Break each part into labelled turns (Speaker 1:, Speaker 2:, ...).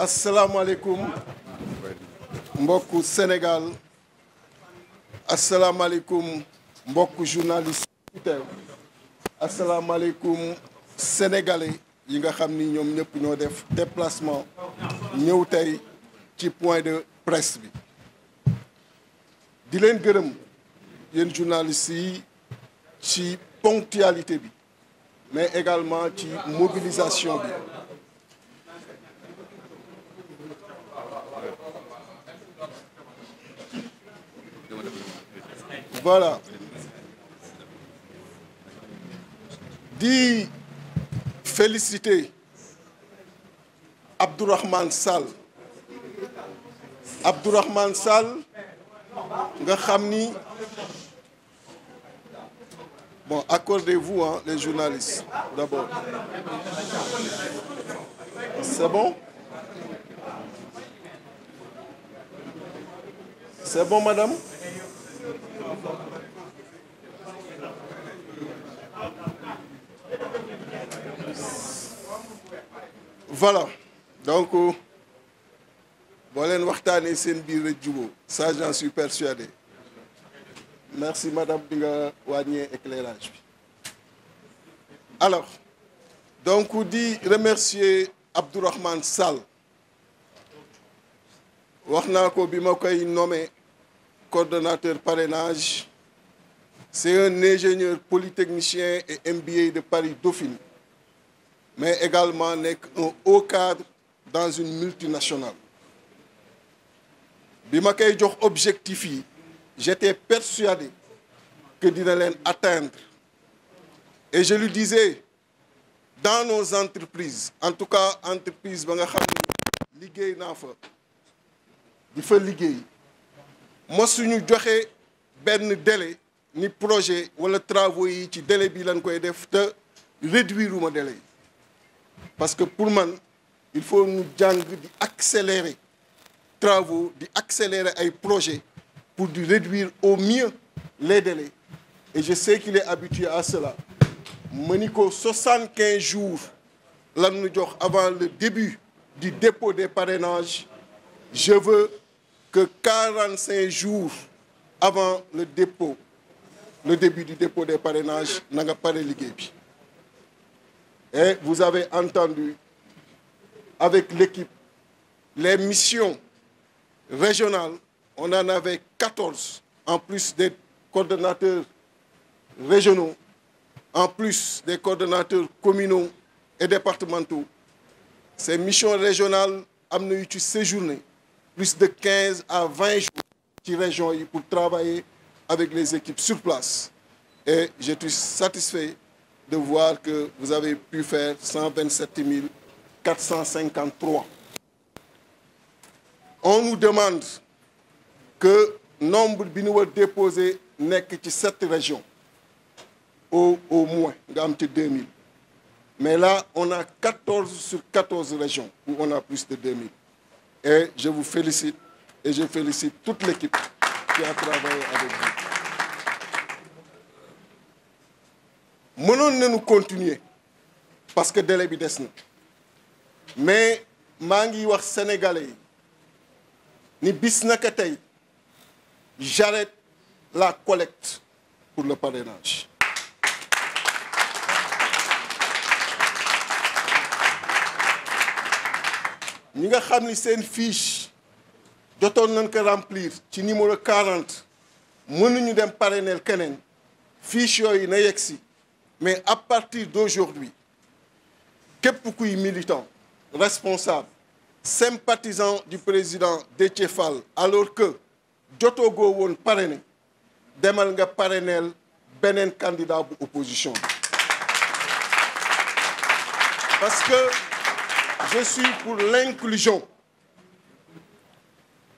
Speaker 1: asalaamaaleykum mbokku Sénégal asalaamaaleykum mbokku journaliste yi teew asalaamaaleykum yi nga xam ni ñoom ñëpp ñoo def déplacement ñëw tey ci point de presse bi di leen gërëm yéen journalistes yi ci ponctualité bi mais également ci mobilisation bi voilà di féliciter Abdourahmane Sall Abdourahmane Sall nga xam ni bon accordez-vous hein les journalistes d'abord c'est bon c'est bon madame voilà donc boo leen waxtaanee seen biir rek jubóo ça j'en suis persuadé merci madame di nga wàññee éclairage bi alors donc di remercier Abdourahmane Sall wax naa ko bi ma koy nommé coordonnateur parrainage c'est un ingénieur polytechnicien et MBA de Paris Dauphine mais également nekk un haut cadre dans une multinationale bi ma koy jox objectif yi j'étais persuadé que dina leen atteindre et je lui disais dans nos entreprises en tout cas entreprise ba nga xam ne liggéey naa fa di fa liggéey ma suñu joxe benn délai ni projet wala travaux yi ci délai bi lañ koy def te réduire uma délai parce que pour man il faut ñu jàng di accélérer di accélérer ay projets pour di réduire au mieux les délais je sais qu'il à cela ma ni ko 75 jours lan nu jox avant le début du dépôt des parrainages je veux que 45 jours avant le dépôt le début du dépôt des parrainages na nga pare liggéey bi Et vous avez entendu avec l'équipe les missions régionales. On en avait 14, en plus des coordonnateurs régionaux, en plus des coordonnateurs communaux et départementaux. Ces missions régionales am na yu ci séjourné plus de quinze à 20 jours ci région yi pour travailler avec les équipes sur place et je suis satisfait de voir que vous avez pu faire 127 453. On nous demande que nombre bi ñu war déposé nekk ci sept régions au au moins nga am ci 2000 mais là on a 14 sur 14 régions où on de 2000 et je vous félicite et je félicite toute l'équipe qui mënoon nañu continuer parce que délai bi des na mais maa ngi wax sénégale yi ni bis naka tey j'arrête la collecte pour le parrainage ñi nga xam ni seen fiche jotoon nañ ko remplir ci numéro 40 mënuñu dem parrainer keneen fiche yooyu na yegg si mais à partir d'aujourd'hui képp kuy militant responsable sympathisant du président Déthié Fall alors que jotoogoo woon parrainé demal nga parrainel beneen candidat bu position parce que je suis pour l'inclusion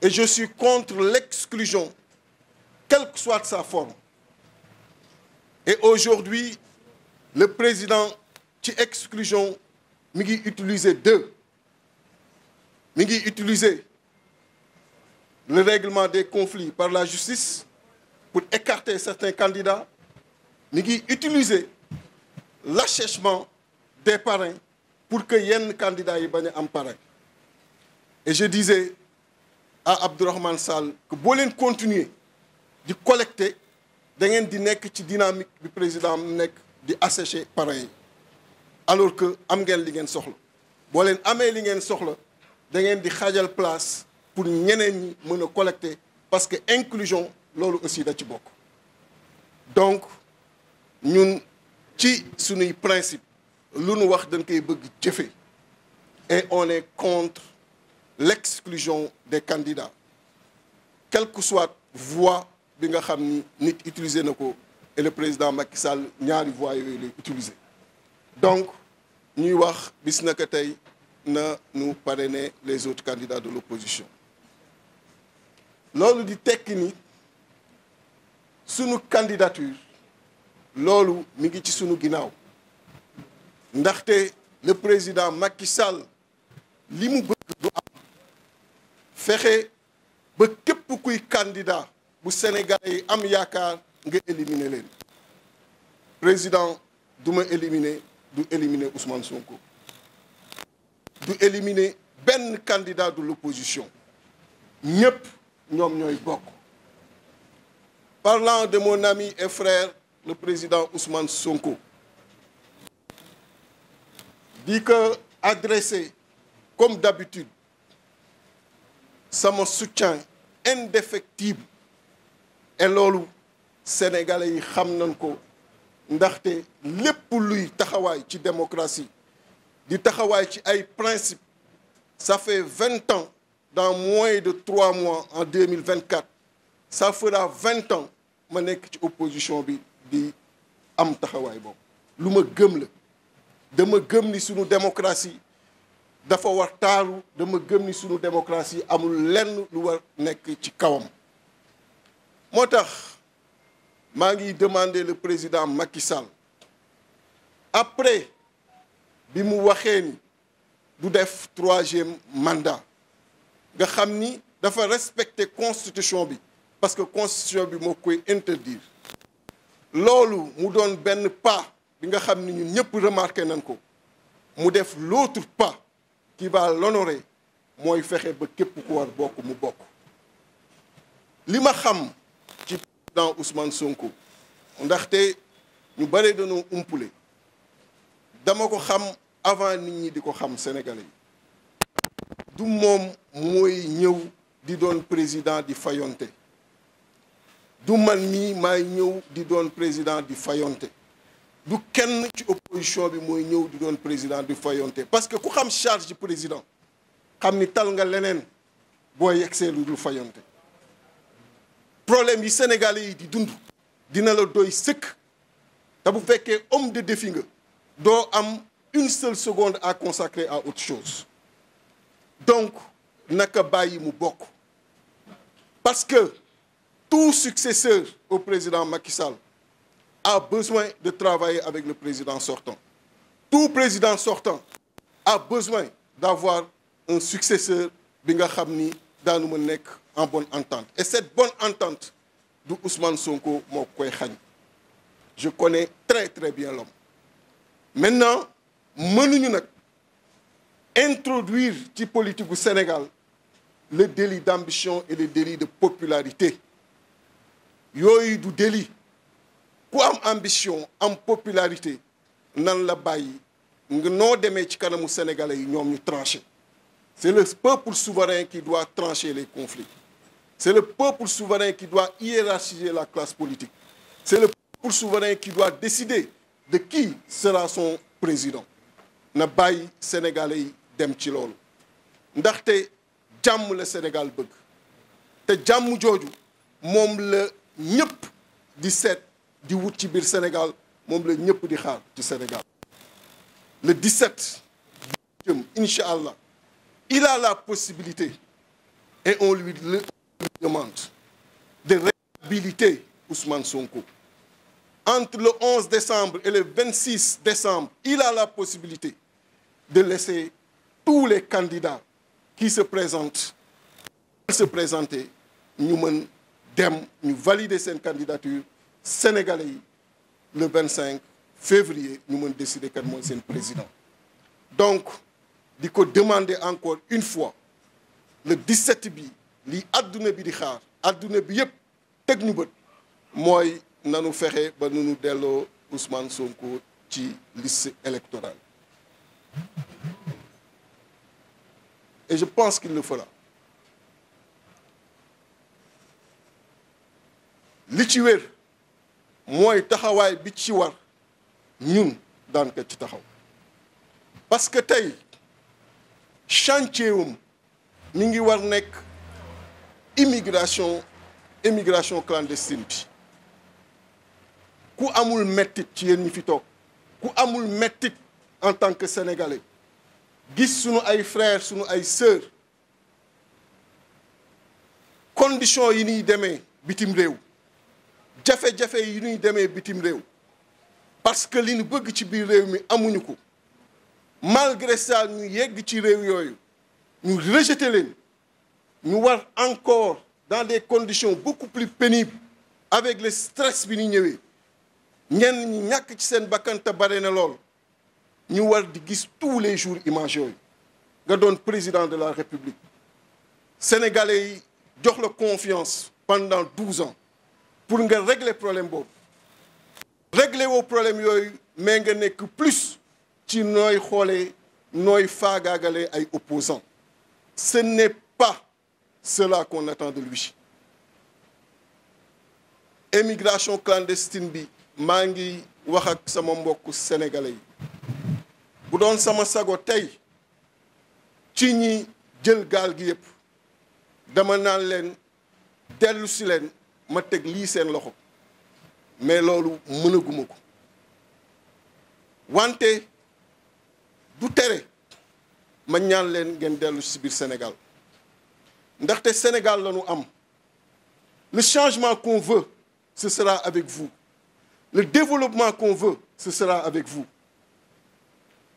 Speaker 1: et je suis contre l'exclusion quelle que soit sa forme et aujourd'hui le président ci exclusion mi ngi utiliser deux mi ngi utiliser le règlement des conflits par la justice pour écarter certains candidats mi ngi utiliser l'achèchement des parrains pour que yenn candidats yi bañ a am parrain et je disais à Abdourahmane Sall que boo leen continuer di collecter da ngeen di nekk ci dynamique bi président am nekk di asséché parents yi alors que am ngeen li ngeen soxla boo leen amee li ngeen soxla da ngeen di xaajal place pour ñeneen ñi mën a collecter parce que inclusion loolu aussi da ci bokk donc ñun ci sunuy principe lu nu wax dañ koy bëgg jëfe et on est contre l'exclusion des candidats quelle que soit voie bi nga xam ni nit utiliser na ko et le président Macky Sall ñaari voies yooyu lay utiliser donc ñuy wax bis naka tey na nu parrainer les autres candidats de l'opposition loolu di tekki ni sunu candidature loolu mi ngi ci suñu ginnaaw ndaxte le président Macky Sall li mu bëgg du am fexe ba képp kuy candidat bu Sénégalais yi am yaakaar nga éliminer leen président du ma éliminer du éliminer Ousmane Sonko du éliminer benn candidat de l'opposition ñëpp ñoom ñooy bokk parlant de mon ami et frère le président Ousmane Sonko di que adresser comme d'habitude sama soutien indéfectible et loolu sénégalais yi xam nañ ko ndaxte lépp luy taxawaay ci démocratie di taxawaay ci ay principe sa fait vingt ans dans moins de trois mois en deux mille vingt quatre ça fera vingt ans ma nekk ci opposition bi di am taxawaay boobu lu ma gëm la dama gëm ni sunu démocratie dafa war taaru dama gëm ni sunu démocratie amul lenn lu war nekk ci kawam moo tax maa ngi demander le président Macky Sall après bi mu waxee ni du def troisième mandat nga xam ni dafa respecter constitution bi parce que constitution bi moo koy interdire loolu mu doon benn pas bi nga xam ni ñun ñëpp remarqué nañ ko mu def l'autre pas qui va l'honorer mooy fexe ba képp ku war bokk mu bokk li ma xam président Ousmane Sonko ndaxte ñu bare dañoo umpule dama ko xam avant nit ñi di ko xam sénégalais yi du moom mooy ñëw di doon président di fayonte du man mii maay ñëw di doon président di fayonte du kenn ci opposition bi mooy ñëw di doon président di fayonte parce que ku xam charge président xam ni tal nga leneen boo yegsee lu dul fayonte problème yi sénégalais yi di dund dina la doy sëkk te bu fekkee homme de défi nga doo am une seule seconde à consacrer à autre chose donc naka bàyyi mu bokk parce que tout successeur au président Macky Sall a besoin de travailler avec le président sortant tout président sortant a besoin d'avoir un successeur bi nga xam ni daanu ma nekk en bonne entente et cette bonne entente du Ousmane Sonko moo koy xañ je connais très très bien l'homme maintenant mënuñu nag introduire ci politique gu Sénégal le délit d'ambition et le délit de popularité yooyu du délit ku am ambition am popularité nan la bàyyi nga noo demee ci kanamu sénégalais yi ñoom ñu tranché c'est le peuple souverain qui doit trancher les conflits C'est le peuple souverain qui doit hiérarchiser la classe politique. C'est le peuple souverain qui doit décider de qui sera son président na bàyyi sénégalais yi dem ci loolu ndaxte jàmm la Sénégal bëgg te jàmm jooju moom la ñëpp di seet di wut ci biir Sénégal moom la ñëpp di xaar ci Sénégal le 17 jëm incha allah il a la possibilité et on lui demande de réhabiliter Ousmane Sonko. Entre le 11 décembre et le 26 décembre, il a la possibilité de laisser tous les candidats qui se présentent se présenter ñu mën dem ñu valider seen candidature yi le 25 février ñu mën décider kan mooy seen président donc di ko demander encore une fois le 17 lii àdduna bi di xaar adduna bi yëpp teg ñu bët mooy nanu fexe ba nunu delloo Ousmane Sonko ci liste électorale je pense li ci wér mooy taxawaay bi ci war ñun daan ci taxaw parce que tey chantier wum mi ngi war nekk immigration immigration clandestine bi ku amul mettit ci yéen ñi fi toog ku amul mettit en tant que sénégalais gis sunu ay frères sunu ay sœurs conditions yi nuy demee bitim réew jafe-jafe yi ñuy demee bitim réew parce que li ñu bëgg ci biir réew mi amuñu ko malgré ça ñu yegg ci réew yooyu ñu rejeté leen ñu war encore dans des conditions beaucoup plus pénibles avec le stress bi ñu ñëwee ñenn ñi ñàkk ci seen bakkan te bare na lool ñu war di gis tous les jours image yooyu nga doon président de la république sénégalais jox la confiance pendant douze ans pour nga régler problème boobu réglé woo problème yooyu mais nga nekk plus ci nooy xoolee nooy faagaagalee ay opposants ce n'est pas cela qu'on attend de lui émigration clandestine bi maa ngi wax ak sama mbokk sénégalais yi bu doon sama sago tey ci ñi jël gaal gi yépp dama naan leen dellu si leen ma teg lii seen loxo mais loolu mënaguma ko wante bu tere ma ñaan leen ngeen dellu si biir Sénégal ndaxte Sénégal la ñu am le changement qu'on veut ce sera avec vous le développement qu'on veut ce sera avec vous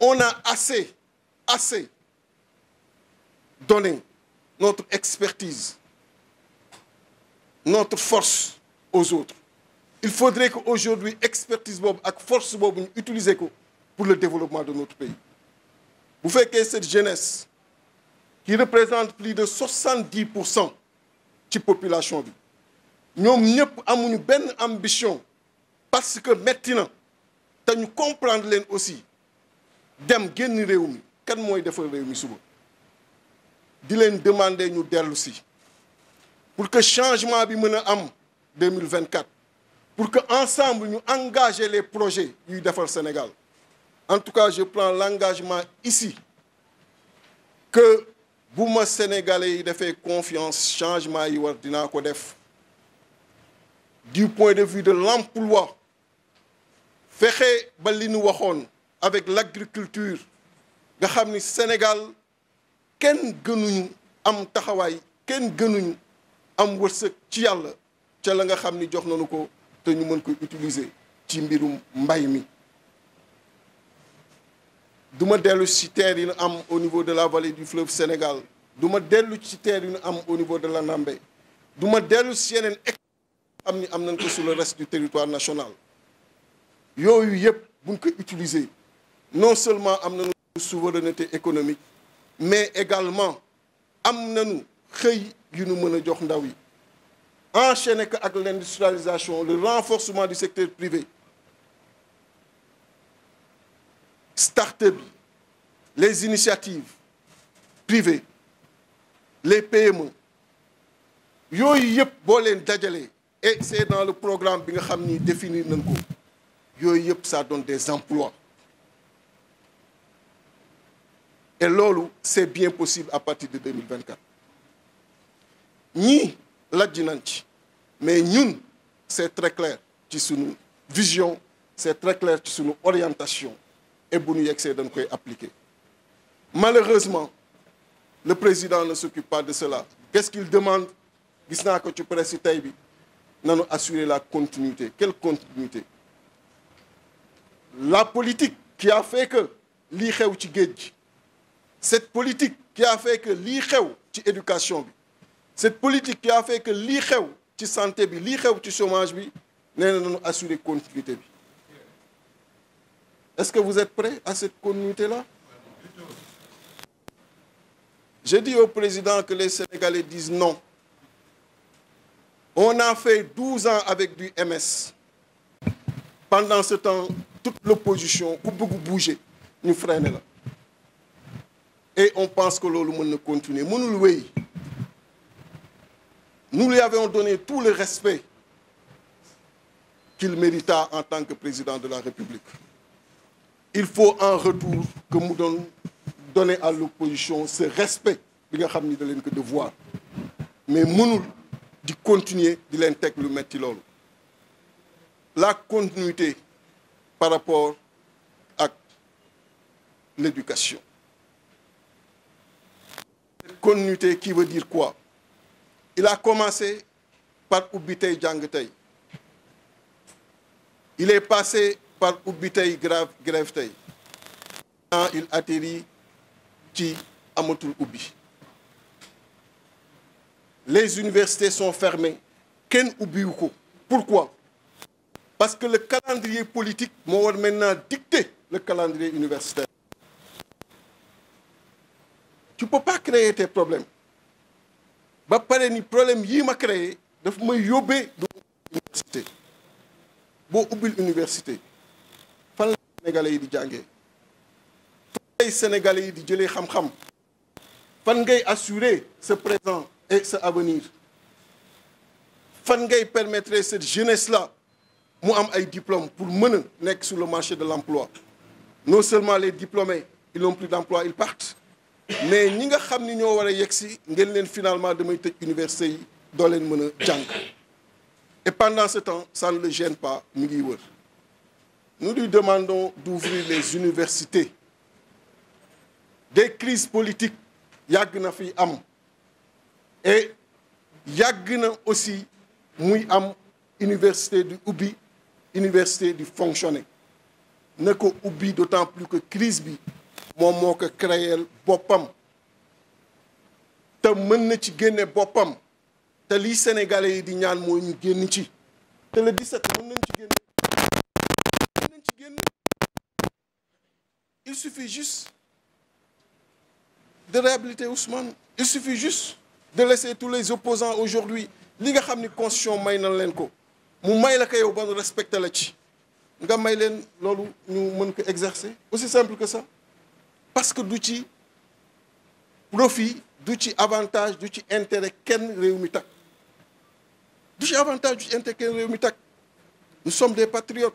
Speaker 1: on a assez assez donné notre expertise notre force aux autres il faudrait que aujourd'hui expertise boobu ak force boobu ñu ko pour le développement de notre pays bu fekkee cette jeunesse qui représente plus de 70 pour cent ci population bi ñoom ñëpp amuñu benn ambition parce que metti na te ñu comprendre leen aussi dem génn réew mi kan mooy defar réew mi suba di leen demander ñu dellu pour que changement bi mën a am 2024 pour que ensemble ñu engager les projets yuy defar Sénégal en tout cas je prends l'engagement ici que bu ma sénégalais yi defee confiance changement yi war dinaa ko def du point de vue de l'emploi fexe ba li nu waxoon avec l'agriculture nga xam ni Sénégal kenn gënuñu am taxawaay kenn gënuñu am wërsëg ci yàlla ca la nga xam ni jox nañu ko te ñu mën ko utiliser ci mbirum mbay mi du ma dellu ci terre yi ñu am au niveau de la vallée du fleuve Sénégal du ma dellu ci terre yi am au niveau de la Ndambé du ma dellu ci yeneen am ni am nañ ko sur le reste du territoire national yooyu yëpp buñ ko utiliser non seulement am nañu souveraineté économique mais également am nañu xëy yu nu mën a jox ndaw yi enchaîner ko ak l'industrialisation le renforcement du secteur privé start-up les initiatives privées les PME yooyu yëpp boo leen dajalee et c'est dans le programme bi nga xam ni définir nañ ko yooyu yëpp ça donne des emplois et loolu c'est bien possible à partir de 2024 ñii lajj nañ ci mais ñun c'est très clair ci sunu vision c'est très clair ci sunu orientation et bu ñu yegsee dañ koy appliquer malheureusement le président ne s'occupe pas de cela qu'est-ce qu'il demande gis naa ko ci presse tey bi nanu assurer la continuité quelle continuité la politique qui a fait que lii xew ci géej gi cette politique qui a fait que lii xew ci éducation bi cette politique qui a fait que lii xew ci santé bi lii xew ci chômage bi nee na nanu assurer continuité bi Est-ce que vous êtes prêts à cette continuité-là Je dis au président que les Sénégalais disent non. On a fait 12 ans avec du MS. Pendant ce temps, toute l'opposition, ku bëgg bouger, ñu freiné la. Et on pense que loolu mën na continuer mënul wéy. Nous lui avions donné tout le respect qu'il mérita en tant que président de la République. il faut en retour que mu doon donner à l'opposition ce respect bi nga xam ni da leen ko devoir mais mënul di continuer di leen teg lu metti loolu la continuité par rapport ak l'éducation cette continuité qui veut dire quoi il a commencé par ubbi tey jàng tey il est passé par oubbi tey grave grève tey il atterrit ci amatul ubbi les universités sont fermées kenn ubbiwu ko pourquoi parce que le calendrier politique moo war maintenant dicter le calendrier universitaire tu peux pas créer tes problèmes ba pare ni problème yii ma créé daf may yóbbee du université boo ubbil université sénégalais yi di jàngee fan ngay di jëlee xam-xam fan ngay assurer ce présent et ce avenir fan ngay permettre cette jeunesse la mu am ay diplômes pour mën a nekk sur le marché de l'emploi non seulement les diplômés ils n'ont plus d'emploi ils partent mais ñi nga xam ni ñoo war a yegg si ngeen leen finalement damay tëj université yi doo leen mën a jàng et pendant ce temps ça ne le gêne pas mi ngi wër Nous lui demandons d'ouvrir les universités. de crises politique yàgg na fi am et yàgg na aussi muy am université du ubbi université du fonctionné ne ko ubbi d'autant plus que crise bi moom moo ko créer boppam te mën na ci génne boppam te lii sénégalais yi di ñaan mooy ñu génn ci te le set mën nañ ci génne ci génn il suffit juste de réhabiliter Ousmane il suffit juste de laisser tous les opposants aujourd'hui li nga xam ni constitution may na leen ko mu may la ko ba ban respecté la ci nga may leen loolu ñu mën ko exercer aussi simple que ça parce que du ci profit du ci avantage du ci intérêt kenn réew mi takk du ci avantage du ci intérêt kenn réew mi takk nous sommes des patriotes